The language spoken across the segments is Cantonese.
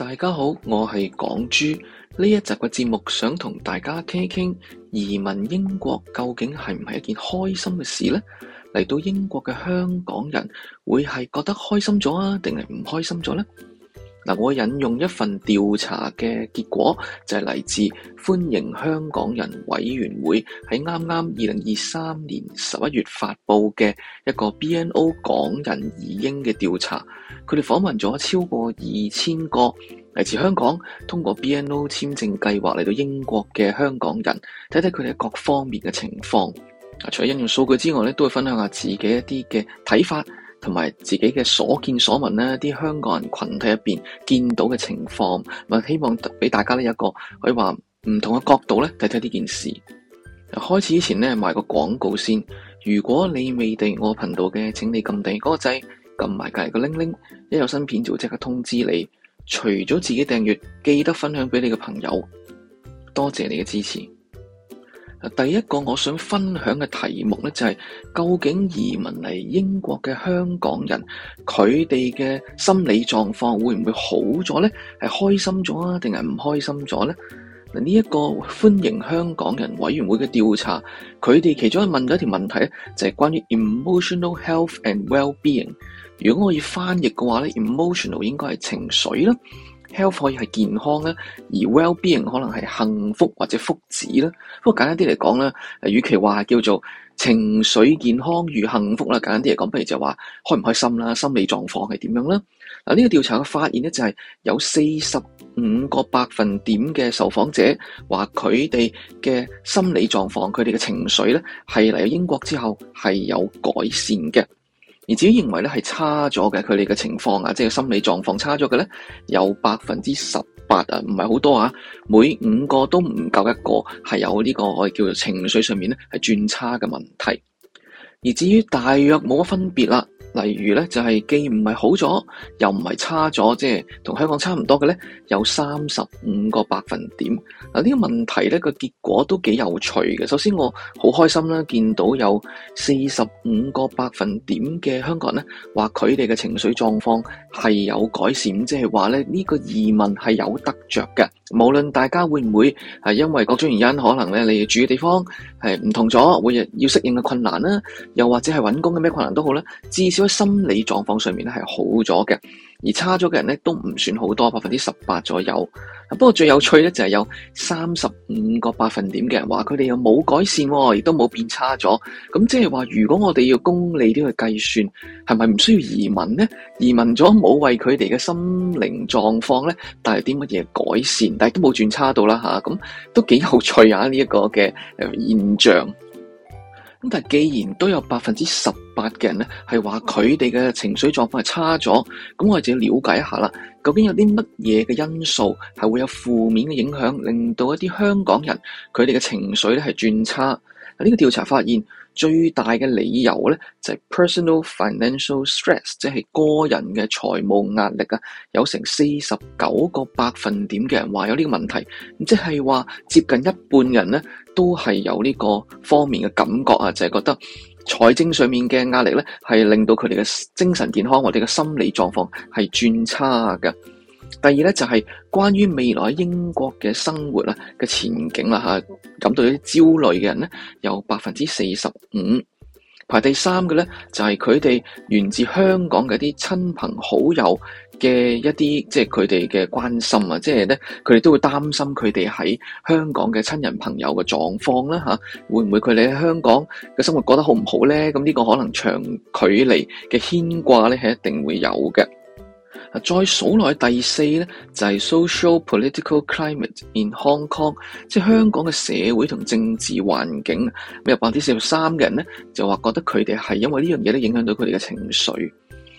大家好，我係港豬。呢一集嘅節目，想同大家傾一傾移民英國究竟係唔係一件開心嘅事呢？嚟到英國嘅香港人會係覺得開心咗啊，定係唔開心咗呢？嗱，我引用一份調查嘅結果，就係嚟自歡迎香港人委員會喺啱啱二零二三年十一月發布嘅一個 BNO 港人移英嘅調查。佢哋訪問咗超過二千個嚟自香港通過 BNO 簽證計劃嚟到英國嘅香港人，睇睇佢哋各方面嘅情況。啊，除咗引用數據之外咧，都會分享下自己一啲嘅睇法，同埋自己嘅所見所聞，呢啲香港人群體入邊見到嘅情況，咪希望俾大家呢一個可以話唔同嘅角度咧睇睇呢件事。開始之前呢，賣個廣告先。如果你未訂我頻道嘅，請你撳訂嗰個掣，撳埋隔籬個鈴鈴，一有新片就會即刻通知你。除咗自己訂閱，記得分享俾你嘅朋友，多謝你嘅支持。第一個我想分享嘅題目咧，就係，就係究竟移民嚟英國嘅香港人佢哋嘅心理狀況會唔會好咗呢？係開心咗啊，定係唔開心咗呢？嗱，呢一個歡迎香港人委員會嘅調查，佢哋其中問咗一條問題咧，就係關於 emotional health and well being。如果我要翻譯嘅話咧，emotional 應該係情緒啦。health 可以係健康咧，而 wellbeing 可能係幸福或者福祉啦。不過簡單啲嚟講咧，與其話叫做情緒健康與幸福啦，簡單啲嚟講，不如就話開唔開心啦，心理狀況係點樣啦。嗱，呢個調查嘅發現咧，就係有四十五個百分點嘅受訪者話佢哋嘅心理狀況，佢哋嘅情緒咧係嚟到英國之後係有改善嘅。而至於認為咧係差咗嘅佢哋嘅情況啊，即係心理狀況差咗嘅咧，有百分之十八啊，唔係好多啊，每五個都唔夠一個係有呢、這個我哋叫做情緒上面咧係轉差嘅問題。而至於大約冇乜分別啦。例如咧就係既唔係好咗，又唔係差咗，即係同香港差唔多嘅咧，有三十五個百分點。嗱，呢個問題咧個結果都幾有趣嘅。首先我好開心啦，見到有四十五個百分點嘅香港人咧話佢哋嘅情緒狀況係有改善，即係話咧呢個移民係有得着嘅。無論大家會唔會係因為各種原因，可能咧你住嘅地方係唔同咗，會要適應嘅困難啦，又或者係揾工嘅咩困難都好啦，至少喺心理狀況上面咧係好咗嘅。而差咗嘅人咧，都唔算好多，百分之十八左右。不過最有趣咧，就係有三十五個百分點嘅人話，佢哋又冇改善，亦都冇變差咗。咁即係話，如果我哋要公理啲去計算，係咪唔需要移民咧？移民咗冇為佢哋嘅心靈狀況咧帶嚟啲乜嘢改善，但係都冇轉差到啦吓。咁、啊、都幾有趣啊，呢一個嘅誒現象。咁但係既然都有百分之十嘅人咧，係話佢哋嘅情緒狀況係差咗，咁我哋就要了解一下啦。究竟有啲乜嘢嘅因素係會有負面嘅影響，令到一啲香港人佢哋嘅情緒咧係轉差？呢、這個調查發現最大嘅理由咧就係、是、personal financial stress，即係個人嘅財務壓力啊，有成四十九個百分點嘅人話有呢個問題，咁即係話接近一半人咧都係有呢個方面嘅感覺啊，就係、是、覺得。財政上面嘅壓力咧，係令到佢哋嘅精神健康，我哋嘅心理狀況係轉差嘅。第二咧就係、是、關於未來喺英國嘅生活啊嘅前景啦、啊、嚇，感到有啲焦慮嘅人咧，有百分之四十五。排第三嘅咧就係佢哋源自香港嘅一啲親朋好友。嘅一啲即係佢哋嘅關心啊，即係咧佢哋都會擔心佢哋喺香港嘅親人朋友嘅狀況啦吓，會唔會佢哋喺香港嘅生活過得好唔好咧？咁呢個可能長距離嘅牽掛咧係一定會有嘅。再數落去第四咧就係、是、social political climate in Hong Kong，即係香港嘅社會同政治環境。有百分之四十三嘅人咧就話覺得佢哋係因為呢樣嘢咧影響到佢哋嘅情緒，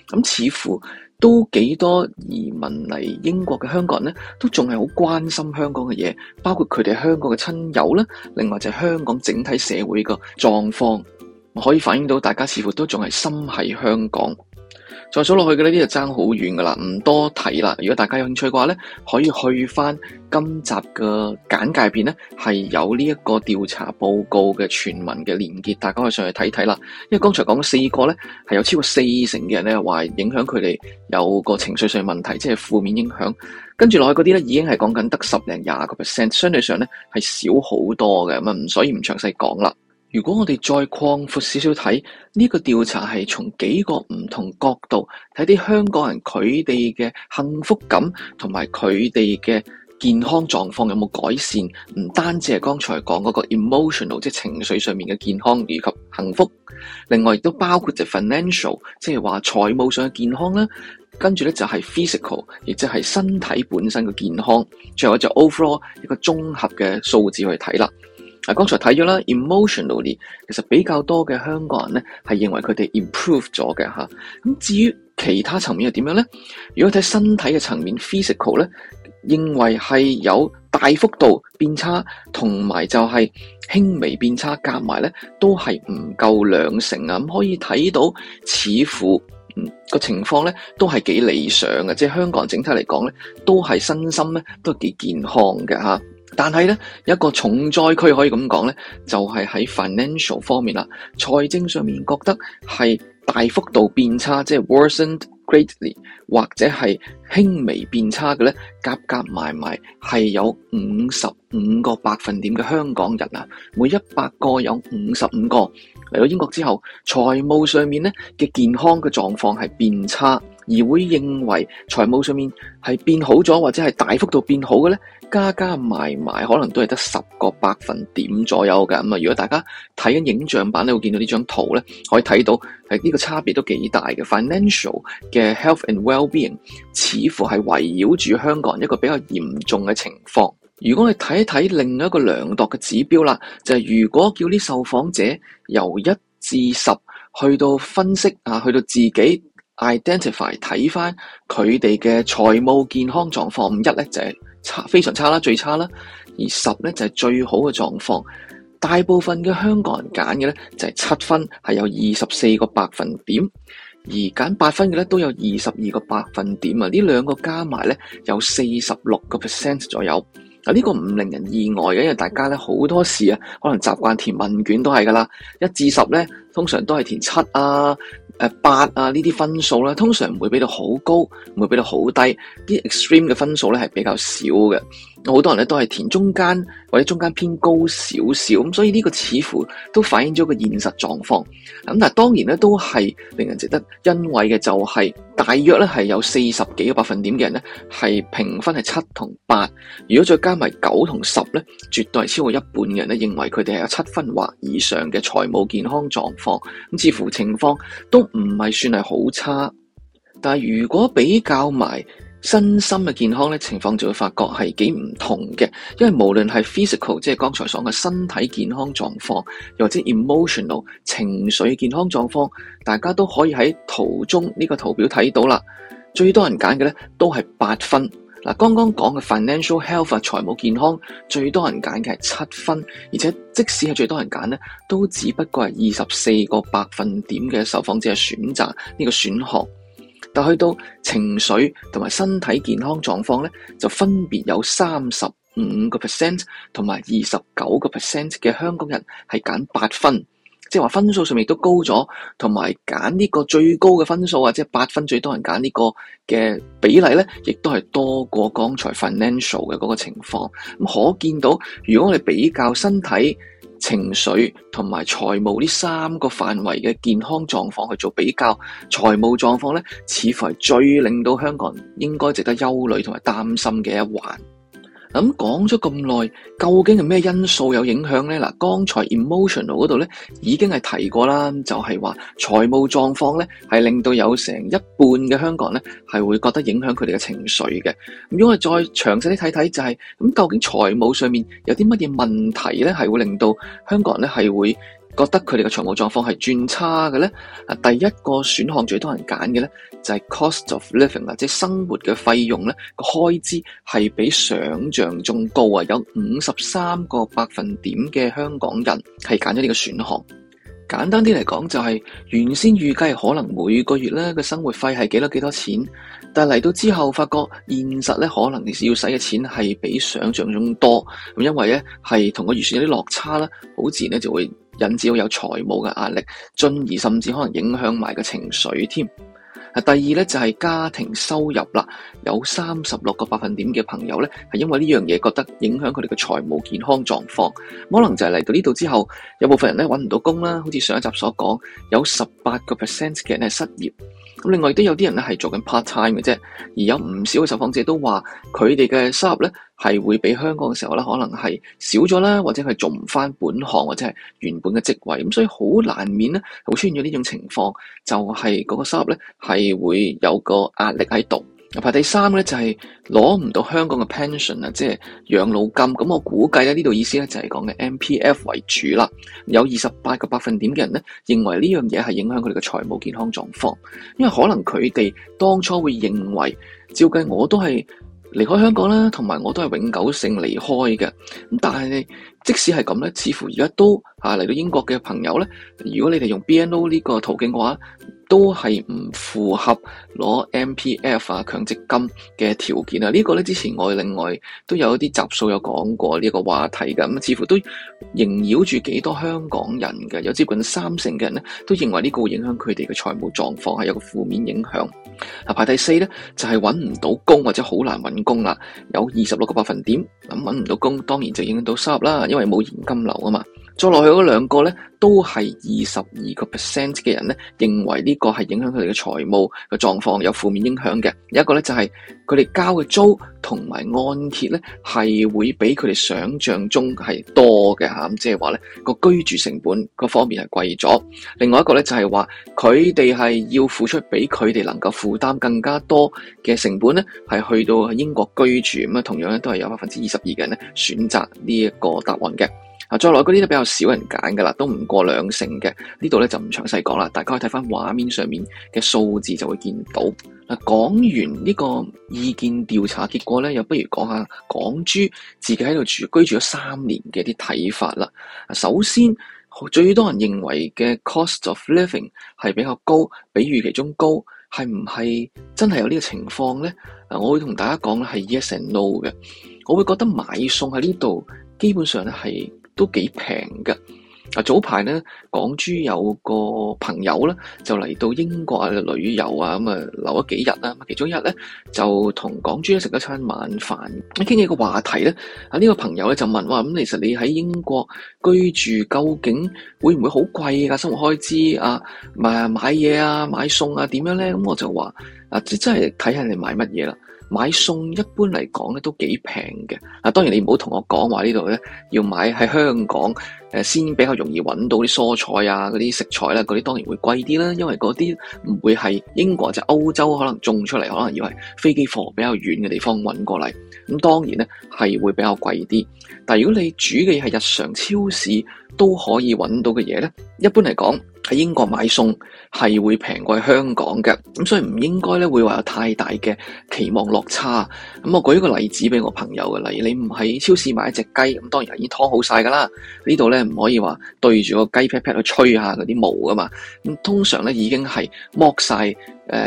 咁似乎。都幾多移民嚟英國嘅香港人咧，都仲係好關心香港嘅嘢，包括佢哋香港嘅親友啦，另外就係香港整體社會嘅狀況，可以反映到大家似乎都仲係心喺香港。再數落去嘅呢啲就爭好遠噶啦，唔多提啦。如果大家有興趣嘅話咧，可以去翻今集嘅簡介片呢。呢咧，係有呢一個調查報告嘅全文嘅連結，大家可以上去睇睇啦。因為剛才講四個咧，係有超過四成嘅人咧，話影響佢哋有個情緒上問題，即係負面影響。跟住落去嗰啲咧，已經係講緊得十零廿個 percent，相對上咧係少好多嘅咁啊，所以唔詳細講啦。如果我哋再擴闊少少睇，呢個調查係從幾個唔同角度睇啲香港人佢哋嘅幸福感同埋佢哋嘅健康狀況有冇改善？唔單止係剛才講嗰個 emotional，即係情緒上面嘅健康以及幸福，另外亦都包括就 financial，即係話財務上嘅健康啦。跟住咧就係 physical，亦即係身體本身嘅健康，最後就 overall 一個綜合嘅數字去睇啦。啊，剛才睇咗啦，emotionally 其實比較多嘅香港人咧係認為佢哋 improve 咗嘅嚇。咁至於其他層面又點樣咧？如果睇身體嘅層面 physical 咧，認為係有大幅度變差，同埋就係輕微變差，加埋咧都係唔夠兩成啊。咁可以睇到，似乎個、嗯、情況咧都係幾理想嘅，即係香港人整體嚟講咧都係身心咧都幾健康嘅嚇。但係咧，一個重災區可以咁講咧，就係喺 financial 方面啦，財政上面覺得係大幅度變差，即係 worsened greatly，或者係輕微變差嘅咧，夾夾埋埋係有五十五個百分點嘅香港人啊，每一百個有五十五個嚟到英國之後，財務上面咧嘅健康嘅狀況係變差。而會認為財務上面係變好咗，或者係大幅度變好嘅呢，加加埋埋可能都係得十個百分點左右㗎。咁啊，如果大家睇緊影像版咧，你會見到呢張圖呢，可以睇到係呢個差別都幾大嘅。 Financial 嘅 health and well-being 似乎係圍繞住香港一個比較嚴重嘅情況。如果我哋睇一睇另外一個量度嘅指標啦，就係如果叫啲受訪者由一至十去到分析啊，去到自己。Identify 睇翻佢哋嘅財務健康狀況，五一咧就係差非常差啦，最差啦；而十咧就係最好嘅狀況。大部分嘅香港人揀嘅咧就係七分，係有二十四個百分點；而揀八分嘅咧都有二十二個百分點啊！呢兩個加埋咧有四十六個 percent 左右。嗱，呢個唔令人意外嘅，因為大家咧好多時啊，可能習慣填問卷都係噶啦，一至十咧通常都係填七啊。誒、啊，八啊呢啲分數咧，通常唔會俾到好高，唔會俾到好低，啲 extreme 嘅分數咧係比較少嘅。好多人咧都係填中間或者中間偏高少少，咁所以呢個似乎都反映咗個現實狀況。咁但當然咧都係令人值得欣慰嘅，就係、是。大約咧係有四十幾個百分點嘅人咧，係評分係七同八。如果再加埋九同十咧，絕對係超過一半嘅人咧認為佢哋係有七分或以上嘅財務健康狀況。咁似乎情況都唔係算係好差。但係如果比較埋。身心嘅健康咧，情況就會發覺係幾唔同嘅，因為無論係 physical，即係剛才所講嘅身體健康狀況，又或者 emotional 情緒健康狀況，大家都可以喺圖中呢個圖表睇到啦。最多人揀嘅咧都係八分。嗱，剛剛講嘅 financial health 啊，財務健康最多人揀嘅係七分，而且即使係最多人揀咧，都只不過係二十四個百分點嘅受訪者選擇呢個選項。但去到情緒同埋身體健康狀況咧，就分別有三十五個 percent 同埋二十九個 percent 嘅香港人係揀八分，即係話分數上面都高咗，同埋揀呢個最高嘅分數啊，即係八分最多人揀呢個嘅比例咧，亦都係多過剛才 financial 嘅嗰個情況咁，可見到如果我哋比較身體，情緒同埋財務呢三個範圍嘅健康狀況去做比較，財務狀況咧，似乎係最令到香港人應該值得憂慮同埋擔心嘅一環。咁講咗咁耐，究竟係咩因素有影響呢？嗱，剛才 emotional 嗰度咧已經係提過啦，就係話財務狀況咧係令到有成一半嘅香港人咧係會覺得影響佢哋嘅情緒嘅。如果我再詳細啲睇睇，就係咁究竟財務上面有啲乜嘢問題咧，係會令到香港人咧係會覺得佢哋嘅財務狀況係轉差嘅咧，啊，第一個選項最多人揀嘅咧就係 cost of living 或即係生活嘅費用咧個開支係比想象中高啊，有五十三個百分點嘅香港人係揀咗呢個選項。簡單啲嚟講就係原先預計可能每個月咧個生活費係幾多幾多錢，但係嚟到之後發覺現實咧可能你要使嘅錢係比想象中多咁，因為咧係同個預算有啲落差啦，好自然咧就會引致有財務嘅壓力，進而甚至可能影響埋個情緒添。啊，第二咧就係家庭收入啦，有三十六個百分點嘅朋友咧，係因為呢樣嘢覺得影響佢哋嘅財務健康狀況，可能就係嚟到呢度之後，有部分人咧揾唔到工啦，好似上一集所講，有十八個 percent 嘅人係失業，咁另外都有啲人咧係做緊 part time 嘅啫，而有唔少嘅受訪者都話佢哋嘅收入咧。係會比香港嘅時候咧，可能係少咗啦，或者係做唔翻本行或者係原本嘅職位，咁所以好難免咧，會出現咗呢種情況，就係嗰個收入咧係會有個壓力喺度。排第三咧就係攞唔到香港嘅 pension 啊，即係養老金。咁我估計咧呢度意思咧就係講嘅 MPF 為主啦，有二十八個百分點嘅人咧認為呢樣嘢係影響佢哋嘅財務健康狀況，因為可能佢哋當初會認為，照計我都係。離開香港啦，同埋我都係永久性離開嘅。咁但係即使係咁咧，似乎而家都嚟到英國嘅朋友咧，如果你哋用 BNO 呢個途徑嘅話，都係唔符合攞 MPF 啊強積金嘅條件啊！呢個呢之前我另外都有一啲集數有講過呢、呢個話題嘅咁、嗯，似乎都縈繞住幾多香港人嘅，有接近三成嘅人呢都認為呢個會影響佢哋嘅財務狀況係有個負面影響。啊排第四呢，就係揾唔到工或者好難揾工啦，有二十六個百分點咁揾唔到工，當然就影響到收入啦，因為冇現金流啊嘛。再落去嗰兩個咧，都係二十二個 percent 嘅人咧，認為呢個係影響佢哋嘅財務嘅狀況有負面影響嘅。有一個咧就係佢哋交嘅租同埋按揭咧，係會比佢哋想象中係多嘅吓。咁即係話咧，個居住成本嗰方面係貴咗。另外一個咧就係話佢哋係要付出比佢哋能夠負擔更加多嘅成本咧，係去到英國居住。咁啊，同樣咧都係有百分之二十二嘅人咧選擇呢一個答案嘅。啊，再來嗰啲都比較少人揀㗎啦，都唔過兩成嘅，呢度咧就唔詳細講啦。大家可以睇翻畫面上面嘅數字就會見到。啊，講完呢個意見調查結果咧，又不如講下港豬自己喺度住居住咗三年嘅啲睇法啦。首先，最多人認為嘅 cost of living 係比較高，比預期中高，係唔係真係有呢個情況咧？啊，我會同大家講咧係 yes and no 嘅，我會覺得買餸喺呢度基本上咧係，都幾平嘅啊！早排咧，港豬有個朋友咧，就嚟到英國啊旅遊啊，咁啊留咗幾日啦。其中一日咧，就同港豬咧食咗餐晚飯。咁傾起個話題咧，啊、這、呢個朋友咧就問話咁，其實你喺英國居住究竟會唔會好貴噶？生活開支啊，買買嘢啊，買餸啊，點、啊、樣咧？咁我就話啊，即係睇下你買乜嘢啦。買餸一般嚟講咧都幾平嘅。啊，當然你唔好同我講話呢度咧要買喺香港誒，先比較容易揾到啲蔬菜啊、嗰啲食材啦，嗰啲當然會貴啲啦，因為嗰啲唔會係英國就歐洲可能種出嚟，可能要係飛機貨比較遠嘅地方運過嚟，咁當然咧係會比較貴啲。但係如果你煮嘅嘢係日常超市都可以揾到嘅嘢咧，一般嚟講。喺英國買餸係會平過香港嘅，咁所以唔應該咧會話有太大嘅期望落差。咁我舉一個例子俾我朋友嘅，例如你唔喺超市買一隻雞，咁當然已經劏好晒㗎啦。呢度咧唔可以話對住個雞 pat pat 去吹下嗰啲毛啊嘛。咁通常咧已經係剝晒誒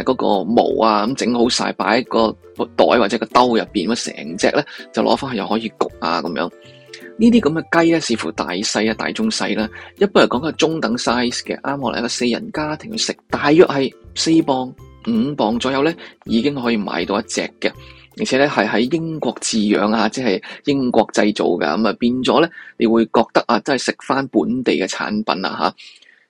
嗰個毛啊，咁整好晒擺喺個袋或者個兜入邊，咁成隻咧就攞翻去又可以焗啊咁樣。這這呢啲咁嘅雞咧，視乎大細啊、大中細啦。一般嚟講，佢中等 size 嘅，啱我嚟，一個四人家庭食，大約係四磅五磅左右咧，已經可以買到一隻嘅。而且咧，係喺英國飼養啊，即係英國製造嘅，咁啊變咗咧，你會覺得啊，真係食翻本地嘅產品啊吓，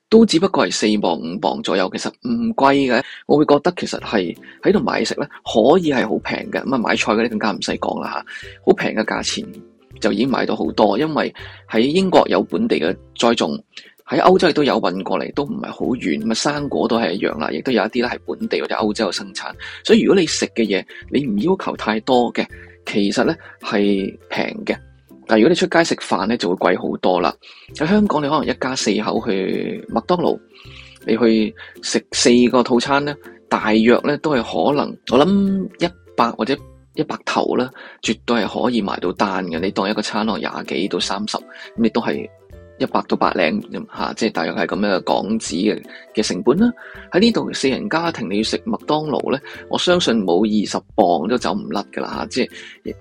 都只不過係四磅五磅左右，其實唔貴嘅。我會覺得其實係喺度買食咧，可以係好平嘅。咁啊，買菜嗰啲更加唔使講啦吓，好平嘅價錢。就已經買到好多，因為喺英國有本地嘅栽種，喺歐洲亦都有運過嚟，都唔係好遠。咁生果都係一樣啦，亦都有一啲咧係本地或者歐洲生產。所以如果你食嘅嘢，你唔要求太多嘅，其實咧係平嘅。但如果你出街食飯咧，就會貴好多啦。喺香港你可能一家四口去麥當勞，你去食四個套餐咧，大約咧都係可能我諗一百或者，一百頭啦，絕對係可以買到單嘅。你當一個餐落廿幾到三十，咁你都係一百到百零嚇，即係大約係咁樣嘅港紙嘅嘅成本啦。喺呢度四人家庭你要食麥當勞咧，我相信冇二十磅都走唔甩㗎啦嚇，即係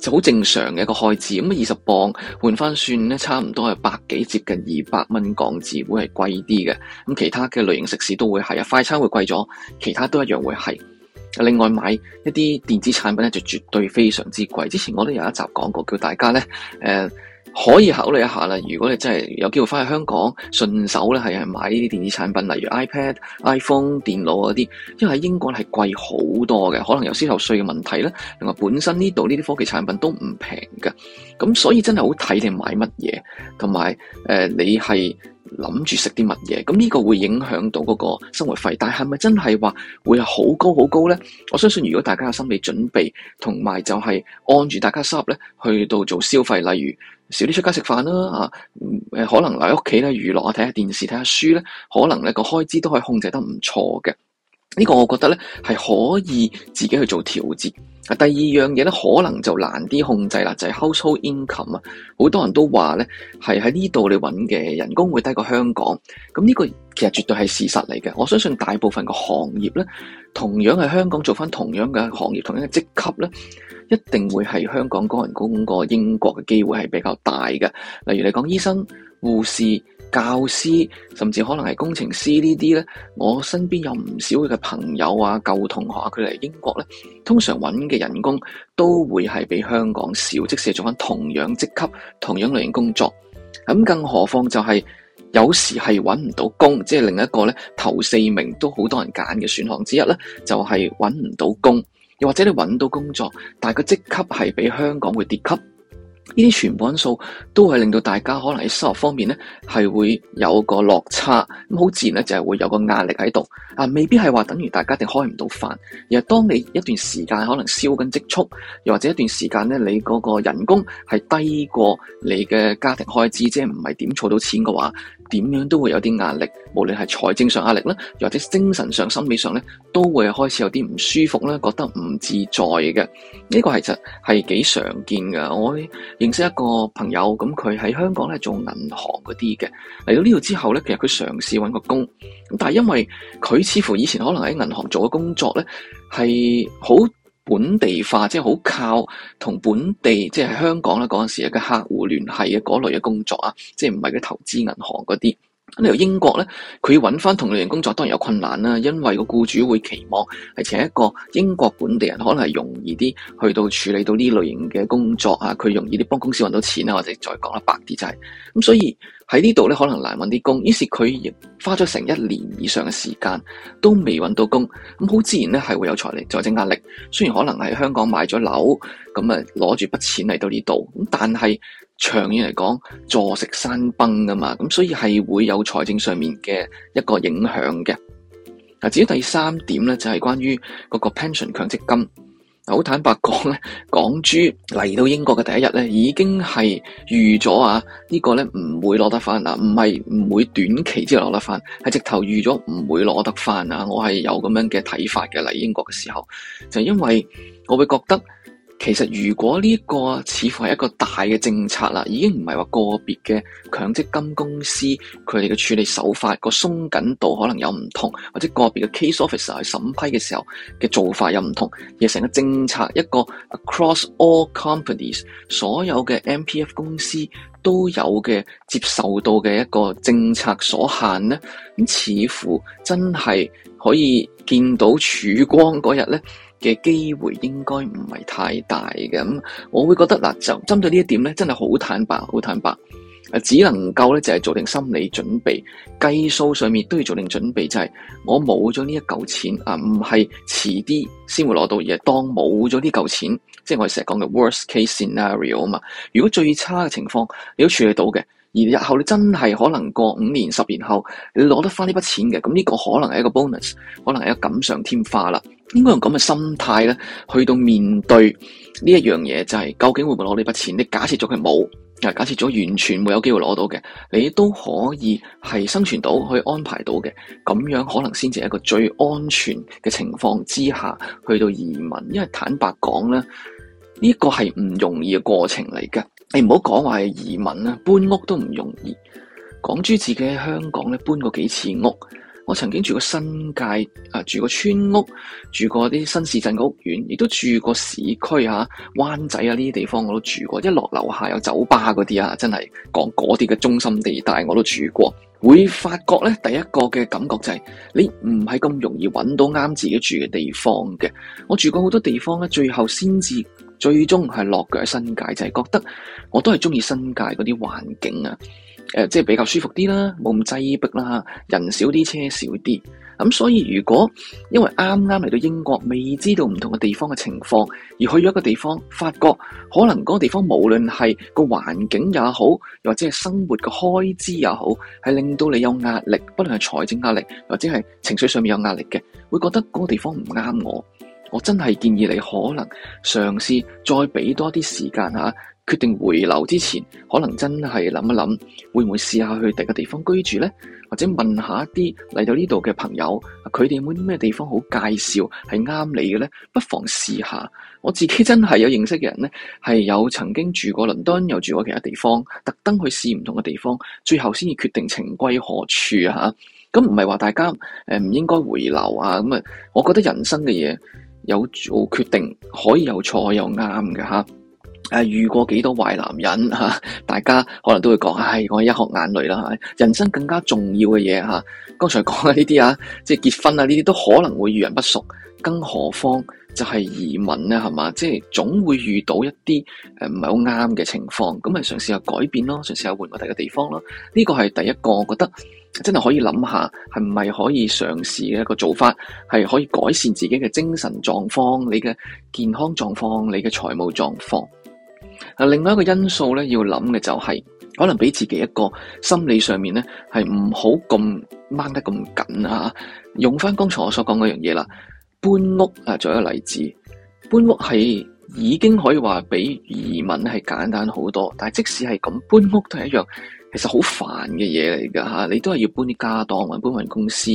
就好、是、正常嘅一個開支。咁二十磅換翻算咧，差唔多係百幾，接近二百蚊港紙會係貴啲嘅。咁其他嘅類型食肆都會係啊，快餐會貴咗，其他都一樣會係。另外買一啲電子產品咧，就絕對非常之貴。之前我都有一集講過，叫大家咧，呃可以考慮一下啦。如果你真係有機會翻去香港，順手咧係買呢啲電子產品，例如 iPad、iPhone、電腦嗰啲，因為喺英國係貴好多嘅，可能有銷售稅嘅問題呢。另外，本身呢度呢啲科技產品都唔平嘅，咁所以真係好睇定買乜嘢，同埋誒你係諗住食啲乜嘢，咁呢個會影響到嗰個生活費。但係咪真係話會好高好高呢？我相信如果大家有心理準備，同埋就係按住大家收入咧去到做消費，例如，少啲出街食飯啦，啊，可能留喺屋企咧娛樂啊，睇下電視睇下書咧，可能咧個開支都可以控制得唔錯嘅，呢個我覺得咧係可以自己去做調節。第二樣嘢咧，可能就難啲控制啦，就係 household income 啊，好多人都話咧，係喺呢度你揾嘅人工會低過香港，咁呢個其實絕對係事實嚟嘅。我相信大部分嘅行業咧，同樣係香港做翻同樣嘅行業，同樣嘅職級咧，一定會係香港高人工過英國嘅機會係比較大嘅。例如你講醫生、護士。教師甚至可能係工程師呢啲呢，我身邊有唔少嘅朋友啊、舊同學啊，佢嚟英國呢，通常揾嘅人工都會係比香港少，即使做返同樣職級、同樣類型工作，咁更何況就係，有時係揾唔到工，即係另一個呢頭四名都好多人揀嘅選項之一呢，就係揾唔到工，又或者你揾到工作，但係個職級係比香港會跌級。呢啲全部因素都係令到大家可能喺收入方面咧係會有個落差，咁好自然咧就係會有個壓力喺度，啊未必係話等於大家一定開唔到飯，而係當你一段時間可能燒緊積蓄，又或者一段時間咧你嗰個人工係低過你嘅家庭開支，即係唔係點儲到錢嘅話。點樣都會有啲壓力，無論係財政上壓力啦，又或者精神上、心理上咧，都會開始有啲唔舒服啦，覺得唔自在嘅。呢、呢個其實係幾常見嘅。我認識一個朋友，咁佢喺香港咧做銀行嗰啲嘅，嚟到呢度之後咧，其實佢嘗試搵個工，但係因為佢似乎以前可能喺銀行做嘅工作咧，係好。本地化，即係好靠同本地即係、就是、香港咧嗰陣時嘅客戶聯繫嘅嗰類嘅工作啊，即係唔係啲投資銀行嗰啲。咁由英國咧，佢搵返翻同類型工作，當然有困難啦。因為個雇主會期望係請一個英國本地人，可能係容易啲去到處理到呢類型嘅工作啊。佢容易啲幫公司搵到錢啊。我哋再講得白啲就係、是、咁，所以喺呢度咧可能難搵啲工。於是佢亦花咗成一年以上嘅時間都未搵到工。咁好自然咧係會有財力、財政壓力。雖然可能喺香港買咗樓，咁啊攞住筆錢嚟到呢度，咁但係，長遠嚟講，坐食山崩噶嘛，咁所以係會有財政上面嘅一個影響嘅。嗱，至於第三點咧，就係、是、關於嗰個 pension 強積金。好坦白講咧，港豬嚟到英國嘅第一日咧，已經係預咗啊！呢個咧唔會攞得翻啊，唔係唔會短期之內攞得翻，係直頭預咗唔會攞得翻啊！我係有咁樣嘅睇法嘅嚟英國嘅時候，就是、因為我會覺得。其實，如果呢個似乎係一個大嘅政策啦，已經唔係話個別嘅強積金公司佢哋嘅處理手法、個鬆緊度可能有唔同，或者個別嘅 case officer 喺審批嘅時候嘅做法有唔同，而成個政策一個 across all companies 所有嘅 MPF 公司都有嘅接受到嘅一個政策所限咧，咁似乎真係可以見到曙光嗰日咧。嘅機會應該唔係太大嘅，咁我會覺得嗱，就針對呢一點咧，真係好坦白，好坦白，啊，只能夠咧就係做定心理準備，計數上面都要做定準備，就係、是、我冇咗呢一嚿錢啊，唔係遲啲先會攞到，而係當冇咗呢嚿錢，即係我哋成日講嘅 worst case scenario 啊嘛。如果最差嘅情況，你都處理到嘅，而日後你真係可能過五年、十年後，你攞得翻呢筆錢嘅，咁呢個可能係一個 bonus，可能係一個錦上添花啦。應該用咁嘅心態咧，去到面對呢一樣嘢，就係、是、究竟會唔會攞呢筆錢？你假設咗佢冇，假設咗完全冇有機會攞到嘅，你都可以係生存到，可以安排到嘅，咁樣可能先至係一個最安全嘅情況之下，去到移民。因為坦白講咧，呢、這個係唔容易嘅過程嚟嘅。你唔好講話係移民，搬屋都唔容易。港豬自己喺香港咧搬過幾次屋。我曾經住過新界啊，住過村屋，住過啲新市鎮嘅屋苑，亦都住過市區啊、灣仔啊呢啲地方我都住過。一落樓下有酒吧嗰啲啊，真係講嗰啲嘅中心地帶我都住過。會發覺咧，第一個嘅感覺就係、是、你唔係咁容易揾到啱自己住嘅地方嘅。我住過好多地方咧，最後先至最終係落腳新界，就係、是、覺得我都係中意新界嗰啲環境啊。誒、呃，即係比較舒服啲啦，冇咁擠迫啦，人少啲，車少啲。咁、嗯、所以如果因為啱啱嚟到英國，未知道唔同嘅地方嘅情況，而去咗一個地方，發覺可能嗰個地方無論係個環境也好，或者係生活嘅開支也好，係令到你有壓力，不論係財政壓力，或者係情緒上面有壓力嘅，會覺得嗰個地方唔啱我。我真係建議你可能嘗試再俾多啲時間嚇。決定回流之前，可能真係諗一諗，會唔會試下去第個地方居住呢？或者問下一啲嚟到呢度嘅朋友，佢哋有冇啲咩地方好介紹係啱你嘅呢？不妨試下。我自己真係有認識嘅人呢，係有曾經住過倫敦，又住過其他地方，特登去試唔同嘅地方，最後先至決定情歸何處嚇。咁唔係話大家誒唔應該回流啊。咁啊，我覺得人生嘅嘢有做決定，可以有錯又啱嘅嚇。誒，遇過幾多壞男人吓？大家可能都會講，唉、哎，我一學眼淚啦吓。人生更加重要嘅嘢吓，剛才講嘅呢啲啊，即係結婚啊呢啲都可能會遇人不淑，更何況就係移民咧，係嘛？即係總會遇到一啲誒唔係好啱嘅情況，咁咪嘗試下改變咯，嘗試下換個第二個地方咯。呢個係第一個，我覺得真係可以諗下，係唔係可以嘗試嘅一、那個做法，係可以改善自己嘅精神狀況、你嘅健康狀況、你嘅財務狀況。啊，另外一個因素咧，就是，要諗嘅就係可能俾自己一個心理上面咧，係唔好咁掹得咁緊啊！用翻剛才我所講嗰樣嘢啦，搬屋啊，做一個例子。搬屋係已經可以話比移民係簡單好多，但係即使係咁，搬屋都係一樣。其實好煩嘅嘢嚟噶吓，你都係要搬啲家當，揾搬運公司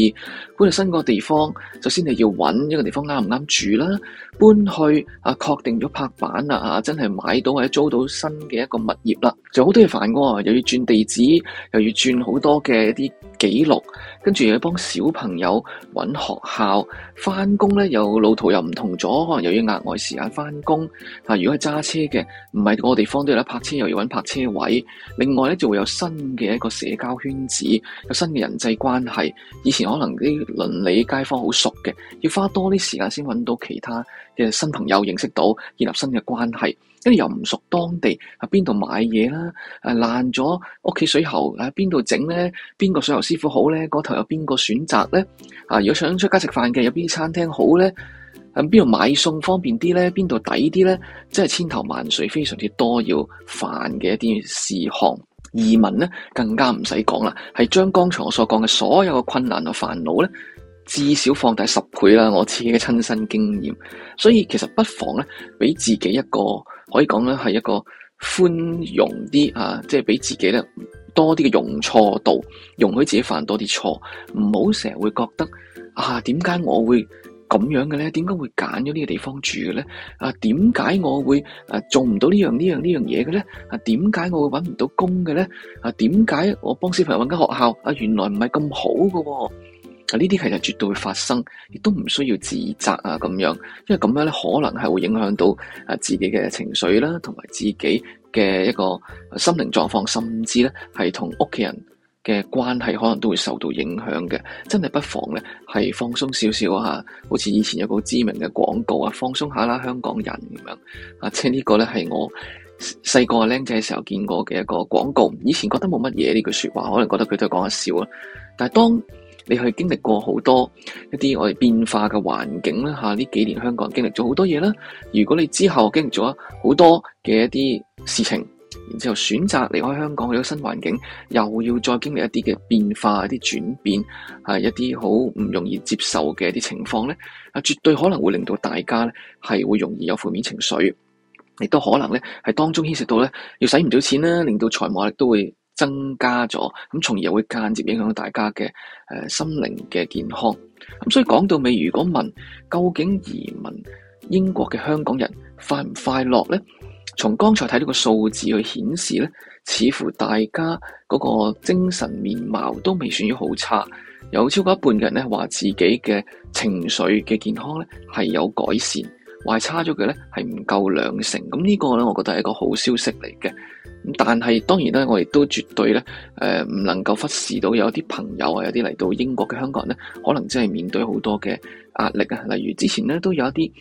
搬去新個地方。首先你要揾一個地方啱唔啱住啦，搬去啊，確定咗拍板啦吓，啊，真係買到或者租到新嘅一個物業啦，就好多嘢煩噶，又要轉地址，又要轉好多嘅一啲。記錄，跟住又要幫小朋友揾學校，翻工呢老徒又路途又唔同咗，可能又要額外時間翻工。但如果係揸車嘅，唔係個地方都有得泊車，又要揾泊車位。另外呢，就會有新嘅一個社交圈子，有新嘅人際關係。以前可能啲鄰里街坊好熟嘅，要花多啲時間先揾到其他嘅新朋友，認識到建立新嘅關係。跟住又唔熟當地，喺邊度買嘢啦？誒，爛咗屋企水喉，喺邊度整呢？邊個水喉師傅好呢？嗰頭有邊個選擇呢？啊，如果想出街食飯嘅，有邊啲餐廳好呢？喺邊度買餸方便啲呢？邊度抵啲呢？真係千頭萬緒，非常之多要煩嘅一啲事項。移民呢，更加唔使講啦，係將剛才我所講嘅所有嘅困難同煩惱呢，至少放大十倍啦！我自己嘅親身經驗，所以其實不妨呢，俾自己一個。可以講咧係一個寬容啲啊，即係俾自己咧多啲嘅容錯度，容許自己犯多啲錯，唔好成日會覺得啊，點解我會咁樣嘅咧？點解會揀咗呢個地方住嘅咧？啊，點解我會啊做唔到樣樣樣呢樣呢樣呢樣嘢嘅咧？啊，點解我會揾唔到工嘅咧？啊，點解我幫小朋友揾間學校啊，原來唔係咁好嘅，啊？啊！呢啲其實絕對會發生，亦都唔需要自責啊。咁樣，因為咁樣咧，可能係會影響到啊自己嘅情緒啦，同埋自己嘅一個心靈狀況，甚至咧係同屋企人嘅關係，可能都會受到影響嘅。真係不妨咧，係放鬆少少啊。好似以前有個知名嘅廣告啊，放鬆下啦，香港人咁樣啊。即係呢個咧，係我細個啊僆仔嘅時候見過嘅一個廣告。以前覺得冇乜嘢呢句說話，可能覺得佢都係講下笑啦。但係當你去經歷過好多一啲我哋變化嘅環境啦嚇，呢幾年香港經歷咗好多嘢啦。如果你之後經歷咗好多嘅一啲事情，然之後選擇離開香港去咗新環境，又要再經歷一啲嘅變化、一啲轉變，係一啲好唔容易接受嘅一啲情況咧，啊，絕對可能會令到大家咧係會容易有負面情緒，亦都可能咧係當中牽涉到咧要使唔到錢啦，令到財務壓力都會增加咗，咁從而又會間接影響到大家嘅誒心靈嘅健康。咁所以講到尾，如果問究竟移民英國嘅香港人快唔快樂呢？從剛才睇到個數字去顯示呢似乎大家嗰個精神面貌都未算於好差，有超過一半嘅人呢，話自己嘅情緒嘅健康呢係有改善。壞差咗嘅咧係唔夠兩成，咁呢個咧我覺得係一個好消息嚟嘅。咁但係當然咧，我哋都絕對咧誒唔能夠忽視到有啲朋友啊，有啲嚟到英國嘅香港人咧，可能真係面對好多嘅壓力啊。例如之前咧都有一啲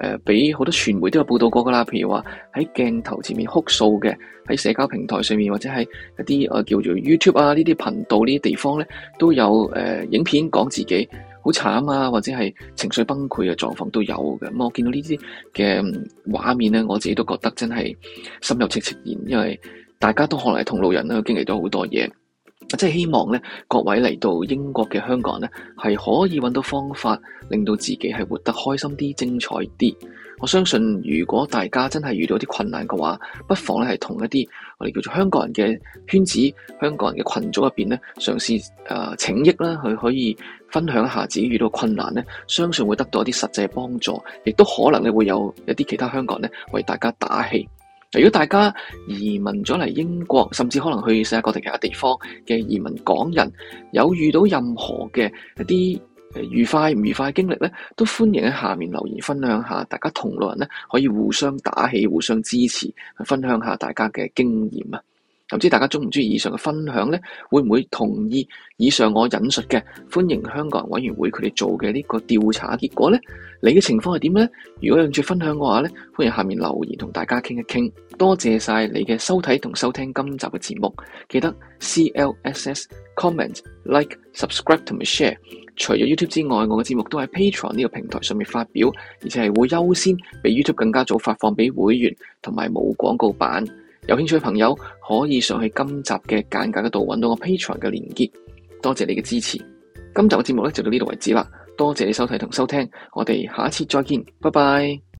誒俾好多傳媒都有報道過㗎啦，譬如話喺鏡頭前面哭訴嘅，喺社交平台上面或者喺一啲、呃、叫做 YouTube 啊呢啲頻道呢啲地方咧都有、呃、影片講自己。好慘啊，或者係情緒崩潰嘅狀況都有嘅。咁我見到呢啲嘅畫面咧，我自己都覺得真係心有戚戚然，因為大家都看嚟係同路人啦，經歷咗好多嘢。即係希望咧，各位嚟到英國嘅香港人咧，係可以搵到方法，令到自己係活得開心啲、精彩啲。我相信，如果大家真係遇到啲困難嘅話，不妨咧係同一啲我哋叫做香港人嘅圈子、香港人嘅群組入邊咧，嘗試誒請益啦，去可以分享一下自己遇到困難咧，相信會得到一啲實際嘅幫助，亦都可能咧會有一啲其他香港人咧為大家打氣。如果大家移民咗嚟英國，甚至可能去世界各地其他地方嘅移民港人，有遇到任何嘅一啲愉快唔愉快經歷咧，都歡迎喺下面留言分享下，大家同路人咧可以互相打氣、互相支持，分享下大家嘅經驗啊！唔知大家中唔中意以上嘅分享呢？會唔會同意以上我引述嘅歡迎香港人委員會佢哋做嘅呢個調查結果呢？你嘅情況係點呢？如果有住分享嘅話呢，歡迎下面留言同大家傾一傾。多謝曬你嘅收睇同收聽今集嘅節目。記得 C L S S comment like subscribe to share。除咗 YouTube 之外，我嘅節目都喺 Patreon 呢個平台上面發表，而且係會優先比 YouTube 更加早發放俾會員同埋冇廣告版。有興趣嘅朋友可以上去今集嘅簡介嗰度揾到我 Patreon 嘅連結，多謝你嘅支持。今集嘅節目咧就到呢度為止啦，多謝你收睇同收聽，我哋下一次再見，拜拜。